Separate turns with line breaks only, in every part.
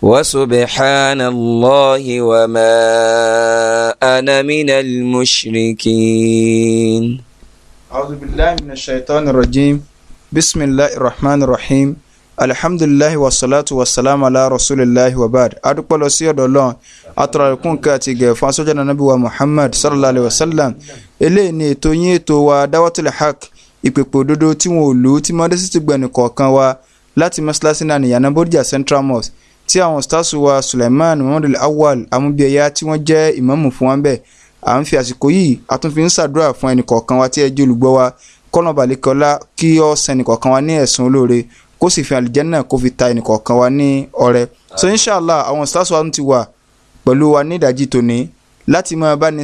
وسبحان الله وما أنا من المشركين أعوذ بالله من الشيطان الرجيم بسم الله الرحمن الرحيم alihamdulilahi wasalaatu wasalaamu ala rasulilahi wabaad adúpẹ́ lọ sí ọ̀dọ̀ Ọlọ́run atọ́lákùn ká ti gẹ̀ fún asọ́jà nàbí wa muhammad sallallahu alayhi wa sallam eléyìí ni ètò yín ètò wa dáwọ́tìlẹ̀ haq ìpèpè òdodo tí wọn ò lù ú tí mọ́dẹ́sì ti gbẹ̀nù kọ̀ọ̀kan wa láti mọ́ṣáláṣí náà nìyànà bódìjà central mosque tí àwọn ọ̀sítàṣù wa Suleiman Muhammad Awal amúbíẹ̀yà tí wọ́n jẹ́ ìmáàmù fún wa ń bẹ̀ à ń fi àsìkò yìí a tún fi ń ṣàdúrà fún ẹnìkọ̀ọ̀kan wa tí ẹ jẹ́ olùgbọ́ wa kọ́nà balẹ̀kọ́lá kí ó san ẹnìkọ̀ọ̀kan wa ní ẹ̀sùn olóore kó sì fi àlìjẹ́nà kó fi ta ẹnìkọ̀ọ̀kan wa ní ọrẹ. so inshàlá àwọn ọ̀sítàṣù wa ti wà pẹ̀lú wa ní ìdájí tòní láti máa bá ní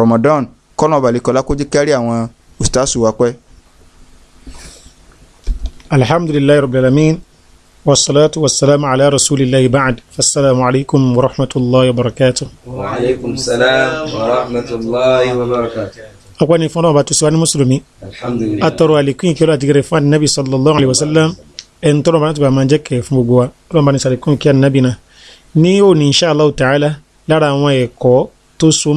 Ramadan kọ́nà balẹ̀kọ́lá kó jẹ́ kárí àwọn ọ̀sítàṣù wa
الحمد لله رب العالمين والصلاة والسلام على رسول الله بعد فالسلام عليكم ورحمة الله وبركاته
وعليكم السلام ورحمة الله وبركاته
أقوى نفونا باتسوان مسلمي الحمد لله أتروا لكين كيرا تغرفان النبي صلى الله عليه وسلم إن tọrọ bá nítorí àmàjẹ kẹ fún gbogbo wa tọrọ bá ní sàlékún kí ànábì náà ní òní insha Allah ta'ala lára àwọn ẹ̀kọ́ tó so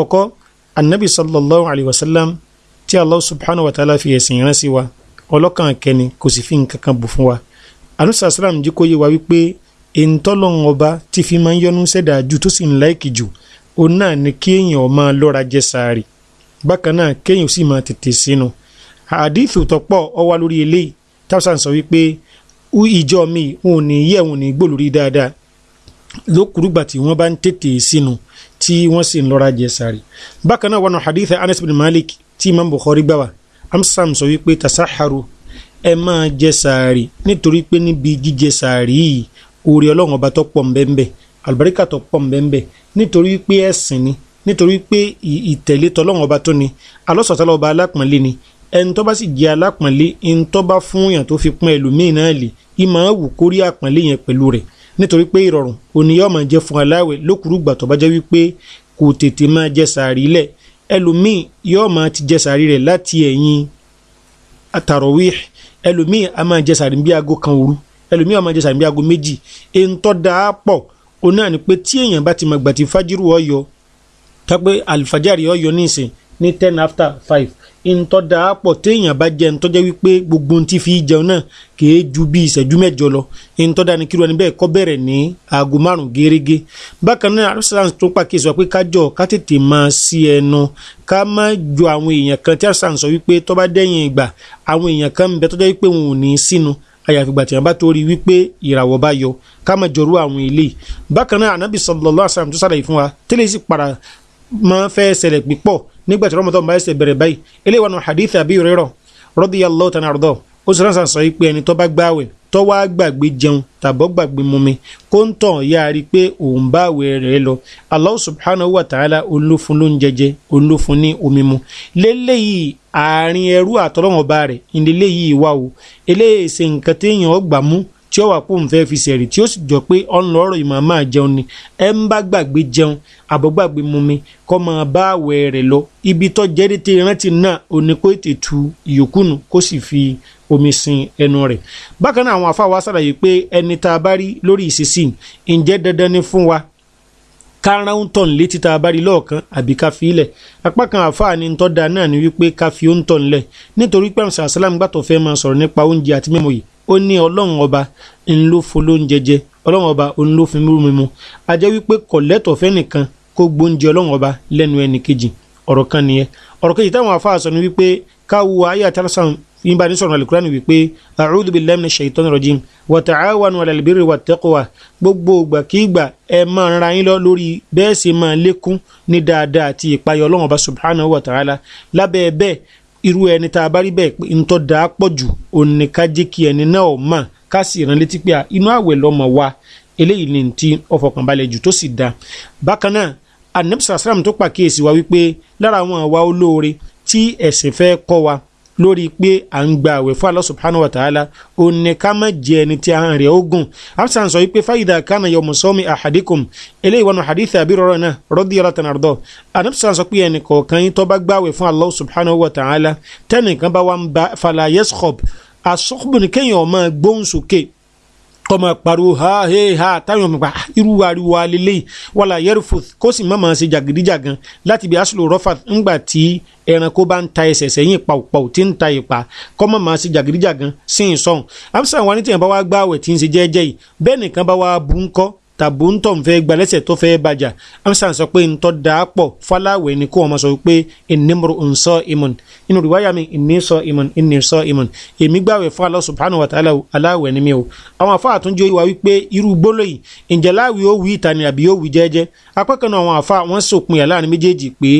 mọ́ anabi sallallahu alayhi wa sallam tí allah subhanahu wa ta'ala fi ẹ̀sìn rán sí wa ọlọ́kàn kẹni kò sì fi nǹkan kan bù fún wa anusa salam jí kó yé wa wípé ìntọ́lọ́hún ọba tí fi máa ń yọnu sẹ́dá ju tó sì ń láìkì jù òun náà ni kéèyàn ó lọ́ra jẹ sàárì bákan náà kéèyàn sì máa tètè sínú àdìfù tọ́pọ̀ ó lórí eléyìí táwọn sàn sọ wípé ìjọ mi òun ní yẹ̀ òun ní gbòlórí dáadáa lókùrúgbà tí wọ́n bá ń tètè sínú tí wọ́n sì ń lọ́ra jẹ sáré bákan náà wọnà hadith anas bin malik tí imam bukhari gbà wá amsam sọ wípé tasaharu ẹ máa jẹ sáré nítorí pé níbi jíjẹ sáré yìí oore ọlọ́run ọba tó pọ̀ nbẹ́nbẹ́ àlùbáríkà tó pọ̀ nbẹ́nbẹ́ nítorí pé ẹ̀sìn ni nítorí pé ìtẹ̀lé tọlọ́run ọba tó ni alọ́sọ̀tàlọ́ ọba alápọ̀nlé ni ẹni tó bá sì jẹ́ alápọ̀nlé ẹni tó bá fún yàn tó fi pọ́n ẹlòmíín náà lè ìmọ̀ àwù kórí àpọ̀nlé yẹn pẹ̀lú rẹ̀ nítorí pé ìrọ̀rùn òní yóò máa jẹ́ fún aláwẹ̀ lókùrúgbà tó bá jẹ́ wípé kò tètè máa jẹ sàárì lẹ̀ ẹlòmíì yóò máa ti jẹ sàárì rẹ̀ láti ẹ̀yìn àtàrọ̀wí ẹlòmíì a máa jẹ sàárì bí aago kan òru ẹlòmíì a máa jẹ sàárì bí aago méjì èyí tó dáa pọ̀ òun náà pé tí èèyàn bá ti máa gbà fájírù ọyọ tápé àlìfájárì ọyọ nísìnyí ní ten after five ìtọ́da pọ̀ téèyàn bá jẹun tọ́jẹ́ wípé gbogbo ohun tí fi jẹun náà kìí ju bí ìṣẹ́jú mẹ́jọ lọ ìtọ́da ni kíru ẹni bẹ́ẹ̀ kọ́ bẹ̀rẹ̀ ní aago márùn gẹ́rẹ́gẹ́ bákan náà arúgbó tó pàkíyèsí wa pé kájọ ká tètè máa sí ẹnu ká má ju àwọn èèyàn kan tí arúgbó sọ wípé tó bá dẹ́yìn ìgbà àwọn èèyàn kan ń bẹ tọ́jẹ́ wípé wọn ò ní sínú àyàfìgbà tí wọn bá torí wípé ìràwọ̀ bá yọ ká má jọrú àwọn ilé bákan náà anábì sallallahu alaihi wasallam tó ṣàlàyé fún wa tẹ́lẹ̀ sì para máa fẹ́ ṣẹlẹ̀ pípọ̀ nígbà tí rọmọdọ́n bá ẹsẹ̀ bẹ̀rẹ̀ báyìí eléyìí wọnú hadith àbí rírọ̀ radiyallahu ta'ala àrùdọ̀ ó sì ránṣà sọ pé ẹni tó bá gbààwẹ̀ tó wá gbàgbé jẹun tàbọ̀ gbàgbé mumi kó ń tàn yá rí i pé òun bá àwẹ̀ rẹ̀ lọ Allah subhanahu wa ta'ala olófun ló ń jẹjẹ olófun ní omi mu lélẹ́yìí àárín ẹrú àtọ́lọ́wọ̀n ọba ìdílé yìí wà o eléyìí ṣe nǹkan téèyàn ọgbà mú tí ó wà pò ń fẹ́ fi sẹ̀rí tí ó sì jọ pé ọ̀nà ọ̀rọ̀ ìmọ̀ máa jẹun ni ẹ ń bá gbàgbé jẹun àbọ̀gbàgbé mumi kọ́ máa bá àwẹ̀ rẹ̀ lọ ibi tó jẹ́ dété rántí náà òní ètè tu ìyókù nù kó sì fi omi sin ẹnu rẹ̀. bákan náà àwọn afáwa ṣàlàyé pé ẹni tá a bá rí lórí ìṣesí ǹjẹ́ dandan ni fún wa ká ráhùn tọ̀ nílé títa abárí lọ́ọ̀kan àbí ká fi ilẹ̀ apá kan àfààní ń tọ́ náà ni wípé ká fi ó ń tọ̀ nílẹ̀ nítorí pé àmì sàlámù gbàtọ̀ fẹ́ máa sọ̀rọ̀ nípa oúnjẹ àti mímu yìí ó ní ọlọ́run ọba ń ló folóúnjẹ jẹ ọlọ́run ọba ń ló fi mímú mímu a jẹ́ wípé kọ̀lẹ́tọ̀ fẹ́nìkan kó gbóúnjẹ ọlọ́run ọba lẹ́nu ẹnì kejì ọ̀rọ̀ kan nìyẹn ọ̀rọ̀ kejì táwọn afáà sọ ni wípé káwo ayé àtàlásán yín bá ní sọ̀rọ̀ alukurani wípé a'udhu billahi minash shaitani rajim wa ta'awanu 'alal birri wat taqwa gbogbo ìgbàkígbà máa ń ra yín lọ lórí bẹ́ẹ̀ sì máa lékún ní dáadáa àti ìpayọ̀ ọlọ́run ọba subhanahu wa ta'ala lábẹ́ bẹ́ẹ̀ irú ẹni tá a bá rí bẹ́ẹ̀ pé ntọ́ da á pọ̀ jù òní ká jẹ́ kí ẹni náà mọ̀ ká sì ìrànlétí pé inú àwẹ̀ lọ́mọ wa eléyìí ni ti ọfọkànbalẹ̀ jù tó sì da bákan náà anabisa salam tó pàkíyèsí wa wípé lára àwọn àwa olóore tí ẹ̀sìn fẹ́ kọ́ wa lórí pé à ń gba àwẹ̀ fún Allah subhanahu wa ta'ala ó ní ká má jẹ ẹni tí ahọ́n rẹ̀ ó gùn afsan sọ wípé fáyidà kánà yawmu sawmi ahadikum eléyìí wọnú hadith abirọrọ náà radiyallahu ta'ala anhu anabsan sọ pé ẹnì kọ̀ọ̀kan yín tó bá gbàwẹ̀ fún Allah subhanahu wa ta'ala tẹ́nìkan bá wà ń ba fala yaskhab asọ́kùbùn kéèyàn máa gbóhùn sókè kọ́mọ pariwo ha he ha táwọn ọmọ gba ah, irú ariwo alele wàlà yẹrìfòth kó sì má máa ṣe jàgídíjàgan láti bí asùlù rọ́fà ńgbà tí ẹranko bá ń ta ẹsẹ̀ sẹ́yìn pàwùpàwù tí ń ta ìpa kọ́mọ máa ṣe jàgídíjàgan sí ìsọ̀hún amsa wa ní tìyànbá wa gbá àwẹ̀ tí ń ṣe jẹ́ẹ́jẹ́ yìí bẹ́ẹ̀ nìkan bá wa bú ń kọ́ tàbúntọ̀ ń fẹ́ gbalẹ́sẹ̀ tó fẹ́ bàjá amsan sọ pé ń tọ́ da pọ̀ fọláwẹ̀ ni kó wọn sọ pé ìnímọ̀rọ̀ ń sọ ìmọ̀n inú rìwáyà mi ìní sọ ìmọ̀n ìní sọ ìmọ̀n èmi gbàwẹ̀ fún Allah subhanahu wa ta'ala aláwẹ̀ ni mi o àwọn afa àtúnjẹ wa wípé irú gbóló yìí ǹjẹ́ láwìí ó wí ìtàní àbí ó wí jẹ́jẹ́ apá kan àwọn afa wọn sòpin ẹ̀ láàrin méjèèjì pé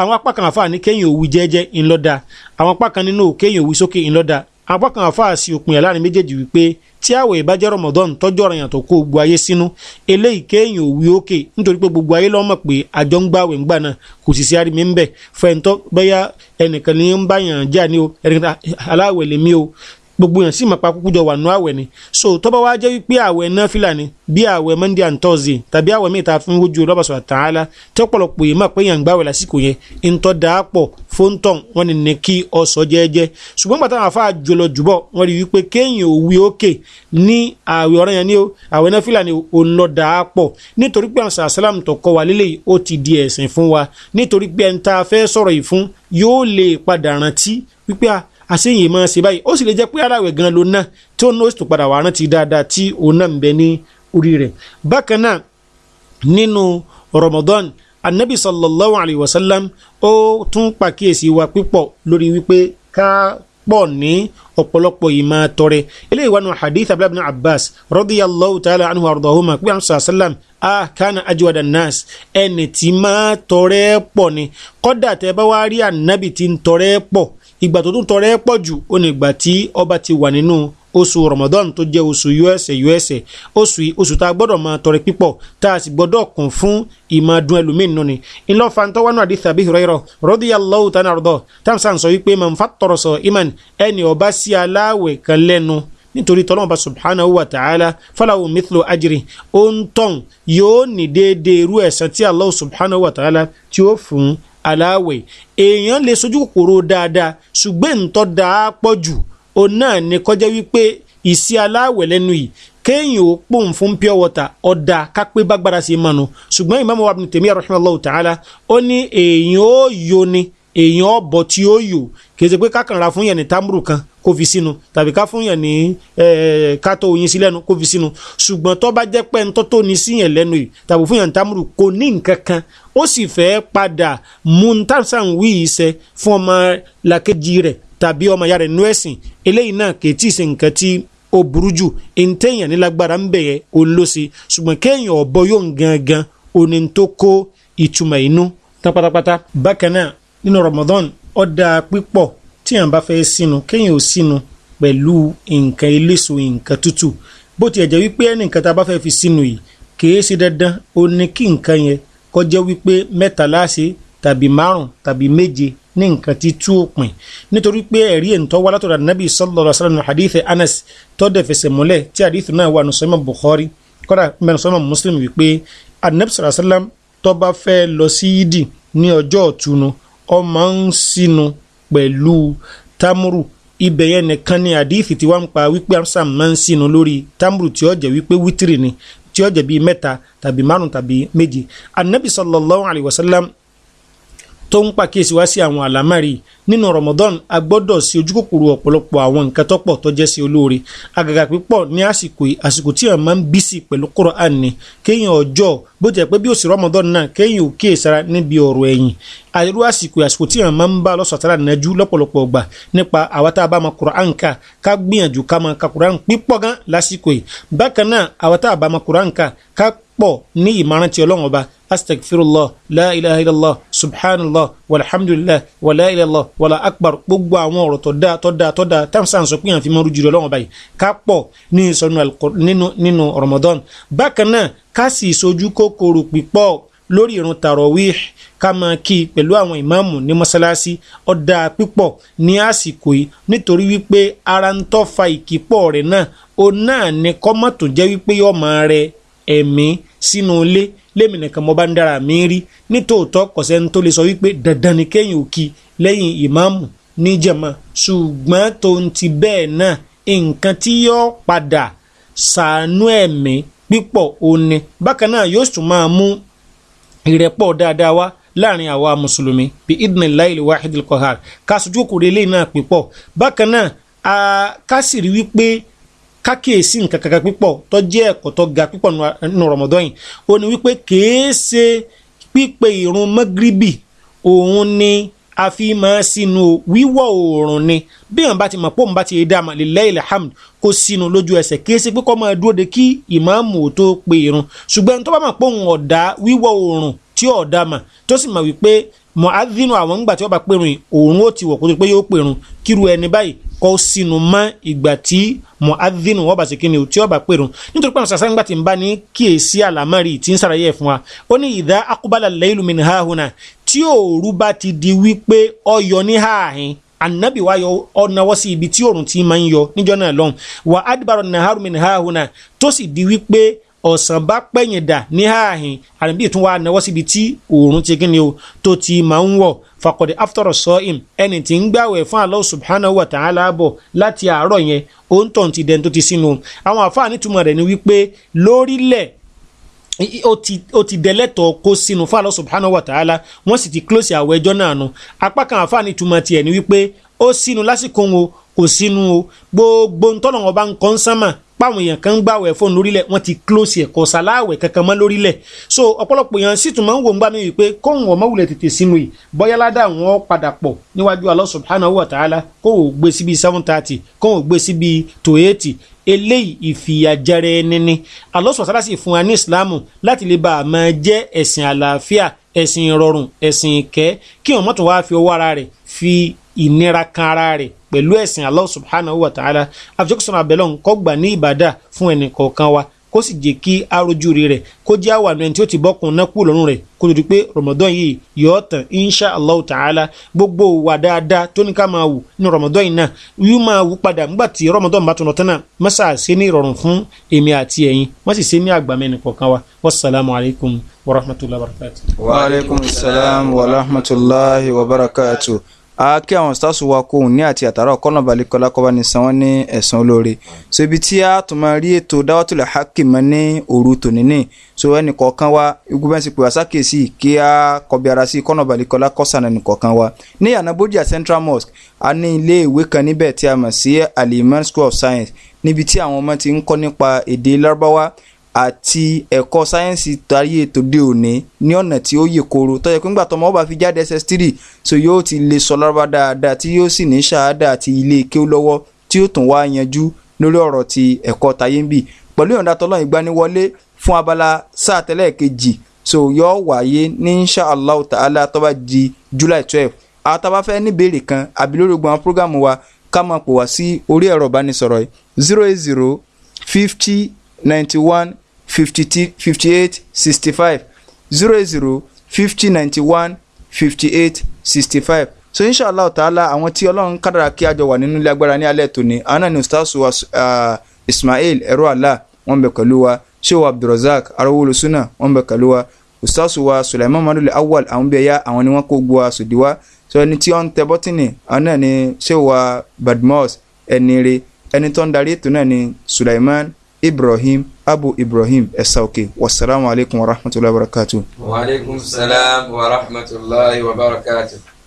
àwọn apá kan afa ní kéèyàn apá kan àfáà sí òpin ẹ̀ láàrin méjèèjì wípé tí àwẹ̀ ìbájẹ́ Ramadan tọ́jú ọ̀rọ̀ yàn tó kó gbogbo ayé sínú eléyìí kéèyàn ò wí òkè nítorí pé gbogbo ayé lọ́mọ̀ pé àjọ ń gbà wẹ̀ ń gbà náà kò sì sí arími ń bẹ̀ fẹ́ntọ́ bẹ́yà ẹnìkan ní ń bá yàn já ni o ẹnìkan aláwẹ̀ lèmi o gbogbo yàn sì máa pa kúkú jọ wà nù àwẹ̀ ni so tó bá wá jẹ́ wípé àwẹ̀ náfìlà ni bí àwẹ̀ monday and thursday tàbí àwẹ̀ mẹ́ta fún ojú ọlọ́bàṣọ àtàlà tọ́pọ̀lọpọ̀ yìí máa pé gbàwẹ̀ lásìkò yẹn ń tọ́ da pọ̀ fóńtọ̀n wọ́n ní ní kí ọsọ jẹ́ẹ́jẹ́ ṣùgbọ́n bàtà àfa jùlọ jùbọ̀ wọ́n rí wípé kéèyàn òwe òkè ní ààwẹ̀ ọ̀ranyàn ni ó ààwẹ̀ náfìlà ni ó ń lọ dà á pọ̀ nítorí pé àwọn sàlám tó kọ́ wa lélẹ̀ ó ti di ẹ̀sìn fún wa nítorí pé ẹni tá a fẹ́ sọ̀rọ̀ yìí fún yóò lè padà rántí wípé àṣeyìn máa ṣe báyìí ó sì lè jẹ́ pé aráàwẹ̀ gan ló ná tí ó ná ó sì tún padà wà rántí dáadáa tí òun náà ń bẹ ní orí rẹ̀ bákan náà nínú Ramadan anabi sallallahu alayhi wa sallam ó tún pàkíyèsí wa pípọ̀ lórí wípé ká pọ̀ ní ọ̀pọ̀lọpọ̀ yìí máa tọrẹ eléyìí wà nù hadith abdullahi bin abbas radiyallahu ta'ala anhu ardahuma pé àwọn sàlá sàlám a kana ajwada nas ẹni tí máa tọrẹ pọ̀ ni kọ́dà tẹ bá wá rí ànábì tí ń tọrẹ pọ̀ ìgbà tó tún tọrẹ pọ̀ jù ó ní ìgbà tí ọba ti wà nínú oṣù Ramadan tó jẹ́ oṣù yọ́ẹ̀sẹ̀ yọ́ẹ̀sẹ̀ oṣù oṣù tá a gbọ́dọ̀ máa tọrẹ pípọ̀ tá a sì gbọ́dọ̀ kún fún ìmọ̀ọ́dún ẹlòmíín nù ni. ńlọ fantọ́ wánú àdìsí àbí ìrọ̀rọ̀ radiyallahu ta'ala rọ̀dọ̀ tamsan sọ wípé màá fa tọrọ sọ iman ẹni ọba sí aláwẹ̀ kan lẹ́nu nítorí tọ́lọ́mọba subhanahu wa ta'ala falahu mithlu ajri ontọ́n yóò ní déédéé irú ẹ̀san tí Allah subhanahu wa ta'ala tí ó fún aláwẹ̀ èèyàn lè sojú kòkòrò dáadáa ṣùgbọ́n ntọ́ dáa pọ̀ jù òun náà ni kọjá wípé ìsí aláwẹ̀ lẹ́nu yìí kéèyàn ó pòun fún pure water ọ̀dà kápẹ́ bágbára sí mọ́nu ṣùgbọ́n Imam wa Ibn Taymiyyah rahimahullahu ta'ala ó ní èèyàn ó yo ni èèyàn ọ̀bọ̀ tí ó yò kìí ṣe pé kákànra fún yẹn ní támúrù kan kó fi sínú tàbí ká fún yẹn ní kátó oyin sí lẹ́nu kó fi sínú ṣùgbọ́n tó bá jẹ́ pé ntọ́ tó ní sí yẹn lẹ́nu yìí tàbí fún yẹn ní támúrù kò ní nǹkan kan ó sì fẹ́ padà mú ntàṣà ń fún ọmọ làkejì rẹ̀ tàbí ọmọ ya rẹ̀ nú ẹ̀sìn eléyìí náà kì í tí ì ṣe nǹkan tí ó burú jù ntẹ̀yàn nílágbára ń bẹ̀yẹ olóṣè ṣùgbọ́n kéèyàn ọ̀bọ yóò gangan oní tó kó ìtumọ̀ inú tán pátápátá. bákan náà nínú Ramadan ó dáa pípọ̀ tí yàn bá fẹ́ sínú kéèyàn ò sínú pẹ̀lú nǹkan eléso nǹkan tútù bó tiẹ̀ jẹ́ wípé ẹnìkan tá a bá fẹ́ fi sínú yìí kìí ṣe dandan ó kí nǹkan yẹn kó wípé mẹ́ta láṣẹ tàbí márùn tàbí méje ní nǹkan tí tú òpin nítorí pé ẹ̀rí ẹ̀ńtọ́ wá látọ̀dọ̀ nàbí sallallahu alaihi wasallam hadith anas tó dẹ̀ fẹsẹ̀ múlẹ̀ tí hadith náà wà nùsọ́mọ̀ bukhari kọ́dà mẹ́nusọ́mọ̀ muslim wípé anabi sallallahu alaihi wasallam tó bá fẹ́ lọ sí yídì ní ọjọ́ ọ̀túnu ó máa ń sinu pẹ̀lú tamuru ibẹ̀ yẹn nìkan ni hadith tí wọ́n ń pa wípé amsam máa ń sinu lórí tamuru tí ó jẹ́ wípé wítìrì ni tí ó jẹ́ bíi mẹ́ta tàbí márùn tàbí méje anabi sallallahu alaihi wasallam tó ń pàkíyèsí wá sí àwọn àlámàrí nínú Ramadan a gbọ́dọ̀ sí ojú kòkòrò ọ̀pọ̀lọpọ̀ àwọn nǹkan tọ́pọ̀ tó jẹ́ sí olóore àgàgà pípọ̀ ní àsìkò yìí àsìkò tí èèyàn máa ń bísí pẹ̀lú Qur'an ni kéèyàn ọjọ́ bó jẹ́ pé bí òsì Ramadan náà kéèyàn ò kíyèsára níbi ọ̀rọ̀ ẹ̀yìn àìrú àsìkò àsìkò tí èèyàn máa ń bá lọ́sọ̀tàrà nájú lọ́pọ̀lọpọ̀ gbà nípa àwa tá a bá ma Qur'an ká ká gbìyànjú ká ma ka Qur'an pípọ̀ gan lásìkò yìí bákan náà àwa tá a bá ma Qur'an ká ká pọ̀ wàlà akbar gbogbo àwọn ọ̀rọ̀ tó dáa tó dáa tó dáa tamsan sọ pé yàn fi máa rújú rẹ lọ́wọ́ báyìí ká pọ̀ ní ìsọnù nínú Ramadan bákan náà ká sì sojú kòkòrò pípọ̀ lórí irun tarawih ká máa kí i pẹ̀lú àwọn ìmáàmù ní mọ́sálásí ọ̀dà pípọ̀ ní àsìkò yìí nítorí wípé ara ń tọ́ fa ìkípọ̀ rẹ̀ náà òun náà ni kọ́mọ́tò jẹ́ wípé yọ̀ọ́ máa rẹ ẹ̀mí sínú ilé lémi nìkan mo bá ń dára mi rí nítòótọ́ kọ̀sẹ́ ń tó lè sọ wípé dandan ni kéèyàn ò kí lẹ́yìn ìmáàmù níjàmá ṣùgbọ́n tòun ti bẹ́ẹ̀ náà nǹkan tí yóò padà sàánú ẹ̀mí pípọ̀ òní bákan náà yóò sùn máa mú ìrẹ́pọ̀ dáadáa wá láàrin àwa mùsùlùmí bí idnil láìlì wáhídìl kọ̀hár ká kòrè eléyìí náà pípọ̀ bákan náà ká wípé kákèésí nǹkan kankan pípọ̀ tó jẹ́ ẹ̀kọ́ tó ga pípọ̀ nù rọ̀mọ̀dọ́ yìí ó ní wípé kèése pípe ìrun mọ́gíríbì òun ni a fi máa sínú wíwọ̀ oòrùn ni bí wọn bá ti mọ̀ pé òun bá ti dá àmọ́ lillahi alhamd kó sínú lójú ẹsẹ̀ kèése pé kó máa dúró de kí ìmáàmù tó pe ìrun ṣùgbọ́n tó bá mọ̀ pé òun ọ̀dà wíwọ̀ oòrùn tí ọ̀dà mà tó sì mọ̀ wípé mọ̀ádínú àwọn ńgbà tí wọ́n bá pèrún òun ó ti wọ̀ kó tó pé yóò pèrún kíru ẹni báyìí kọ́ sínú mọ́ ìgbà tí mu'adhin wọ́n bá ṣe kíni o tí wọ́n bá pèrún nítorí pé àwọn sàṣà ńgbà tí ń bá ní kíyèsí àlámọ́rì tí ń sàlàyé ẹ̀ fún wa ó ní idha aqbala laylu min hahuna tí òòrù bá ti di wípé ọyọ ní hàáhìn anabi wa yọ ọ̀nàwọ́ sí ibi tí òòrùn ti máa ń yọ níjọ́ náà lọ́hùn wa adbara naharu min hahuna tó sì di wípé ọ̀sán bá pẹ̀yìn dà ní ààhìn àrùnbí tún wá náwó síbi tí oòrùn ti kíni o tó ti máa ń wọ̀ fàkọ̀dé aftọ́rọ̀ sọ im ẹni tí ń gbàwẹ̀ fún Allah subhanahu wa ta'ala bọ̀ láti àárọ̀ yẹn òun tàn ti dẹni tó ti sínú àwọn àfáà nítumọ̀ rẹ̀ ni wípé lórílẹ̀ ó ti dẹ́lẹ́tọ̀ kó sínú fún Allah subhanahu wa ta'ala wọ́n sì ti close àwọ̀ ẹjọ́ náà nu apá kan àfáà nítumọ̀ tiẹ̀ ni wípé ó sínú lásìkò o kò sínú o gbogbo ntọ́nà ọba nǹkan sánmà páwọn èèyàn kan ń gbàwẹ̀ fóònù lórílẹ̀ wọ́n ti close ẹ̀ kọ́ sàláwẹ̀ kankan mọ́ lórílẹ̀ so ọ̀pọ̀lọpọ̀ èèyàn sì tún máa ń wò ń gbà mí wípé kóhùn ọmọ wulẹ̀ tètè sínú yìí bóyá ládà wọn padà pọ̀ níwájú Allah subhanahu wa ta'ala kó o gbé síbi seven thirty kó o gbé síbi two eighty eléyìí ìfìyàjẹrẹ ẹni ni Allah sì fún wa ní ìsìlámù láti lè bá a máa jẹ́ ẹ̀sìn àlàáfíà ẹ̀sìn ìrọ̀rùn ẹ̀sìn ìkẹ́ kí ọmọ tó wá fi ọwọ́ ara rẹ̀ fi ìnira kan ara rẹ̀ pẹ̀lú ẹ̀sìn Allah subhanahu wa ta'ala àfijọ́kùsùn abẹ́lọ́n kó gbà ní ìbàdà fún ẹnì kọ̀ọ̀kan wa kó sì jẹ́ kí arojú rẹ̀ kó jẹ́ àwọn ẹni tí ó ti bọ́kùn náà kú lọ́rùn rẹ̀ kó tó di pé Ramadan yìí yọ̀ọ́ tán insha Allah ta'ala gbogbo wà dáadáa tó ní ká máa wù ní Ramadan yìí náà yóò máa wù padà nígbà tí Ramadan bá tún lọ tán náà mọ́sà ṣe ní ìrọ̀rùn fún èmi àti ẹ̀yin wọ́n sì ṣe ní àgbàmẹ́ni kọ̀ọ̀kan wa wassalamu alaikum warahmatullahi wabarakatuh.
wa alaikum salam wa rahmatullahi wa barakatuh a kí àwọn stars wa kó òun ní àti àtàrà ọkọ́nà balẹ̀kọ́lá kọ́ba ní san wọ́n ní ẹ̀sán olóore so ibi tí a tún máa rí ètò dáwọ́tòlẹ̀ hákì mọ́ ní òru tòní ní so ẹnì kọ̀ọ̀kan wa gúbẹ́nsì pé àsákèsí kí a kọbi ara sí kọ́nà balẹ̀kọ́lá kọ́sàn ẹnì kọ̀ọ̀kan wa ní ànábódìyà Central Mosque a ní ilé ìwé kan níbẹ̀ tí a mọ̀ sí Aliman School of Science níbi tí àwọn ọmọ ti ń kọ́ nípa èdè lárúbáwá àti ẹ̀kọ́ sáyẹ́nsì tayé tòde òní ní ọ̀nà tí ó yè koro tó pé ńgbà tọmọ bá fi jáde ss3 so yóò ti lè sọ lọ́wọ́ dáadáa tí yóò sì ní ṣáádà àti ilé kéú lọ́wọ́ tí ó tún wá yanjú lórí ọ̀rọ̀ ti ẹ̀kọ́ tayé ń bì pẹ̀lú ìyọ̀ǹda tọ́lọ́run ìgbaniwọlé fún abala sáà tẹ́lẹ̀ kejì so yóò wáyé ní insha allah ta'ala tó bá di july twelve àtàwọn afẹ́ ní béèrè kan àbí lórí gbọ̀n prógámù wa ká máa pò wá sí orí ẹ̀rọ ìbánisọ̀rọ̀ zero eight zero fifty ninety one fifty eight sixty five zero zero fifty ninety one fifty eight sixty five so inshallah ta'ala àwọn tí ọlọ́run kádàrá kí àjọ wà nínú ilé agbára ní alẹ́ tòní àwọn náà ni ustaasu uh, ismail ẹ̀rọ àlá wọn bẹ pẹ̀lú wa sheu abdulrasaq arówólo sunna wọn bẹ pẹ̀lú wa ustaasu wa sulaiman madule awal àwọn bíi ẹ̀yà àwọn ni wọ́n kó gbọ́ àsòdì wa so ẹni tí wọ́n ń tẹ bọ́tìnì àwọn náà ni sheu wa badmus ẹni rè ẹni tó ń darí ètò náà ni sulaiman ibrahim abu ibrahim ẹ̀sà òkè wasalaamualeykum wa rahmatulahi wa barakatu. wa aleykum salaam wa rahmatulahi wa barakatu.